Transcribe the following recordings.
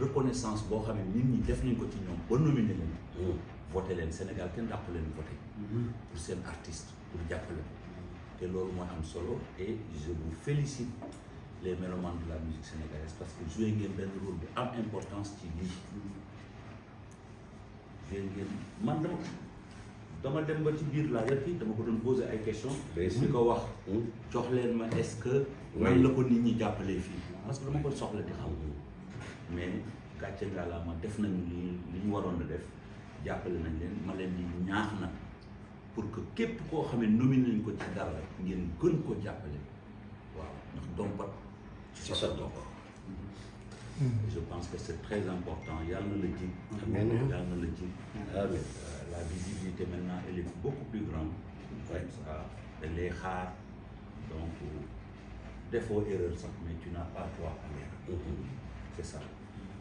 reconnaissance bo xamné nit ñi def nañ ko ci ñom ba nominer leen mm. voté leen Sénégal kenn dàpp leen voté mm-hmm. pour sen artiste pour jàppale té te loolu mooy am solo et je vous félicite les mélomanes de la musique sénégalaise parce que joué ngeen ben rôle bu am importance ci lii mm-hmm. joué ngeen man dama dama dem ba ci biir la yëpp dama ko doon poser ay questions bi ko wax mm. jox leen ma est-ce que man la ko nit ñi jàppalee fii parce que dama ko soxla di xam mm-hmm mais gàcce ngalaama def nañ ni li ñu waroon a def jàppale nañ leen ma leen di ñaax nag pour que képp koo xam ne nañ ko ci dara ngeen gën ko jàppale waaw ndax dompat ci sa doom mm-hmm. je pense que c'est très important yàlla na la ji yàlla na la ji euh, la visibilité maintenant elle est beaucoup plus grande comme ça dañ lay xaar donc euh, defoo erreur ça, mais tu n'as pas toi à l'erreur mm-hmm. c'est ça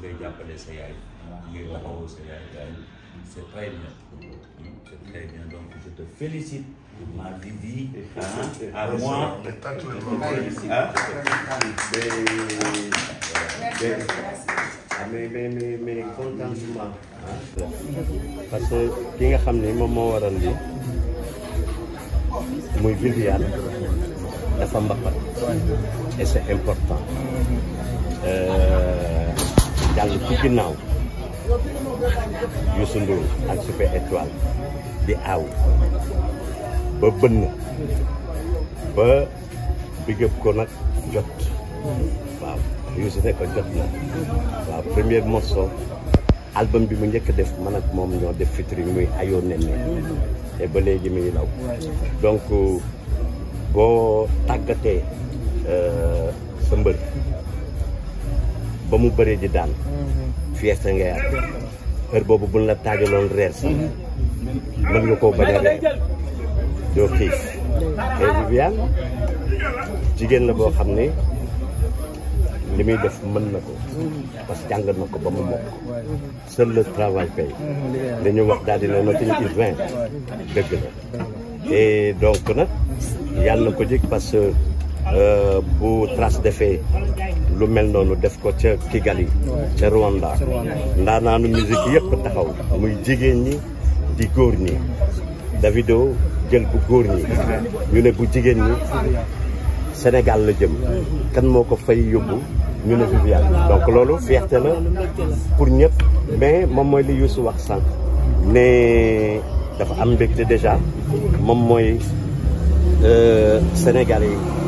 ngay jàppale sa yaay ngay taxawoo sa yaay daal c'est très bien c'est très bien donc je te félicite ma Vivi à moi mais mais mais mais contentement hein. parce que ki nga xam ne moom moo waral lii muy Viviane dafa mbapat et c'est important euh, jàll ci ginnaaw Youssou Ndour ak Super Étoile di aaw ba bënn ba bigëb ko nag jot waaw Youssou ne ko jot na waaw premier morceau album bi mu njëkk def man ak moom ñoo def featuring muy ayoo nen te ba léegi muy law donc boo tàggatee euh, sa ba mu baree di daan mm-hmm. fiesta nga yàq heure boobu buñ la taajaloon reer sax mm-hmm. mën nga koo bañ a doo xiif te Viviane la boo xam ne li muy def mën na ko mm-hmm. parce que jàngal na ko ba mu mokk seul le travail paye dañu wax daal di ne no tañu il vingt dëgg la et donc yàlla na ko jik parce Euh, bu trace defee lu mel noonu def ko ca Kigali ca Rwanda ndaanaanu musique yëpp taxaw muy jigéen ñi di góor ñi Davido jël bu góor ñi ñu ne bu jigéen ñi Sénégal la jëm kan moo ko fay yóbbu ñu ne Viviane donc loolu fierté la pour ñëpp mais moom mooy li Youssou wax sànq ne dafa am mbégte déjà moom mooy euh, Sénégalais yi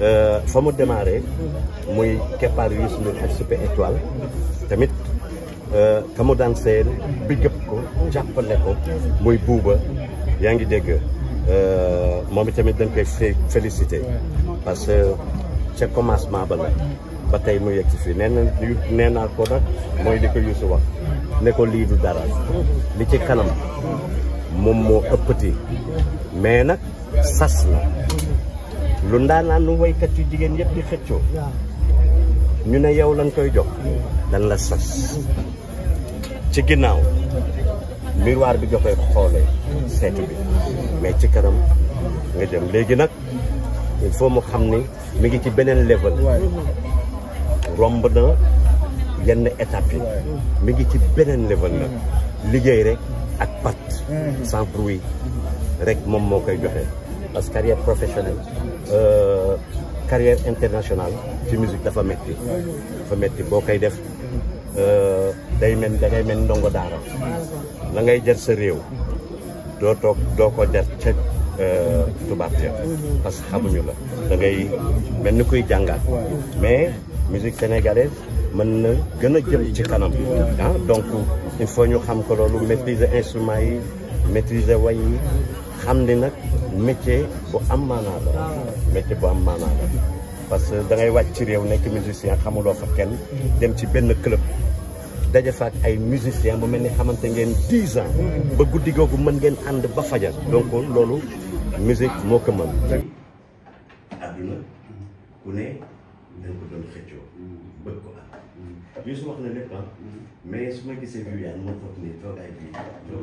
Euh, fa mu démarré muy keppaar Youssou Ndour ak Super Étoile tamit euh, ka mu daan seen bi gëpp ko jàppale ko muy buuba yaa ngi dégg euh, moom tamit dañ koy félicité parce que ca commencement ba la ba tey mu yegg si fii nee na nee naa ko nag mooy li ko Youssou wax ne ko lii du dara li ci kanam moom moo ëppati mais nag sas la lu ndaanaan lu waykat yu jigéen yëpp di xëccoo ñu ne yow lañ koy jox dañ la sas ci ginnaaw miroir bi nga koy xoolee seetu bi mais ci kanam nga jëm léegi nag il faut mu xam ni mi ngi ci beneen level romb na yenn étape yi mi ngi ci beneen level nag liggéey rek ak pat mm. sans bruit rek moom moo koy joxe. parce que carrière professionnelle euh, carrière internationale ci musique dafa metti dafa metti boo koy def uh, day mel da ngay mel ndongo daara ngay jar sa réew doo toog doo ko jar ca uh, tubaab ca parce que xamuñu la da ngay mel ni kuy jàngaat mais musique sénégalaise mën na gën a jëm ci kanam bi ah, donc il faut ñu xam ko loolu maîtriser instruments yi maîtriser way yi xam ni nag métier bu am maanaa la ah métier bu am maanaa la parce que da ngay wàcc ci réew nekk musicien xamuloo fa kenn mm. dem ci benn club daje fa ay musicien bu mel ni xamante ngeen dix ans mm. ba guddi googu mën ngeen ànd ba fajar mm. donc loolu musique moo ko mën adduna ne dañ ko ah. ma gisee Viviane moo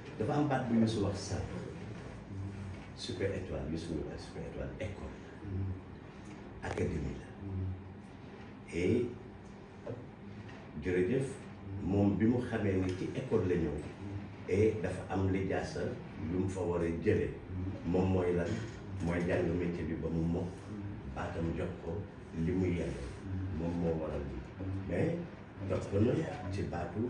dafa empat baat bu super étoile yu suñu la super étoile école la académie la et jërëjëf moom bi mu xamee qui école la ñëw hmm. et dafa am li jaasa favori mu fa war a jële hmm. moom mooy lan mooy jàng métier bi ba mu mokk hmm. baatam jox ko li muy yàgg moom moo waral bi mais dox na ci baatu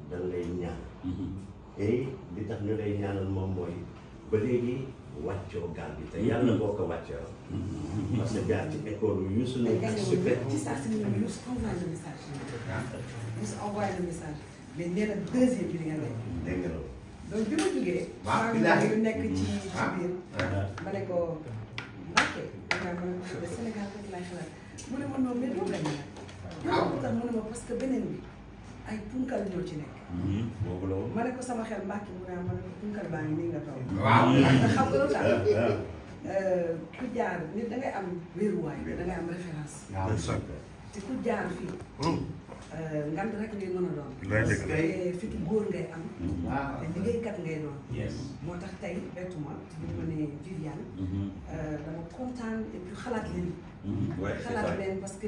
Mm-hmm. tey li tax ñu lay ñaanal moom mooy ba léegi wàccoo gaal bi te mm-hmm. yàlla boo ko wàccoo. Mm-hmm. parce que jaar ci école yu su nekk ak su fekk. ci saa si ñu ne Youssou envoyé le message. Youssou envoyé le na deuxième bi nga lay. dégg nga loolu. donc bi ma jugee. waaw ah, yu nekk ci ci ah. biir. ma ne ko Mbacke. maanaam man Sénégal rek laay xalaat mu ne ma noonu mais doo bañ a. waaw bi. ay punkal ñoo ci nekk. ma ko sama xel mbàkk mu ne ma ne punkal baa ngi nga toog. waaw xam nga lu tax. Euh, ku jaar am wéeruwaay da ngay am référence. te ku jaar fii. Hmm. Euh, ngant rek ngay mën a doon. parce que fitu góor ngay am. Hmm. te liggéeykat ngay doon. moo tax tey bettuma bi ma ne Viviane. Mm-hmm. Euh, dama kontaan et puis xalaat leen. Mm-hmm. parce que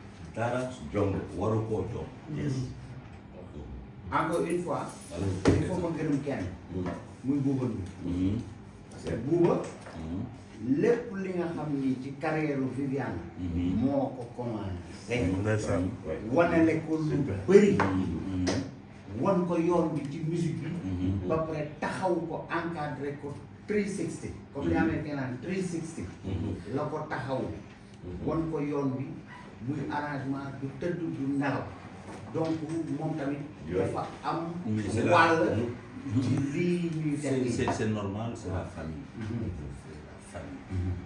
dara jomb waru koo jomb. encore une fois. il faut ma gërëm kenn. Mm-hmm. bi. Mm-hmm. parce que buuba. Mm-hmm. lépp li nga xam ni ci carrière Viviane. moo ko commencé. ndeysaan wanale ko lu bëri. wan ko bi ci musique bi. ba pare taxaw ko encadré ko 360. comme li américain naan 360. la wan ko bi. arrangement de tout du donc c'est normal la famille c'est la famille mhm. mhm.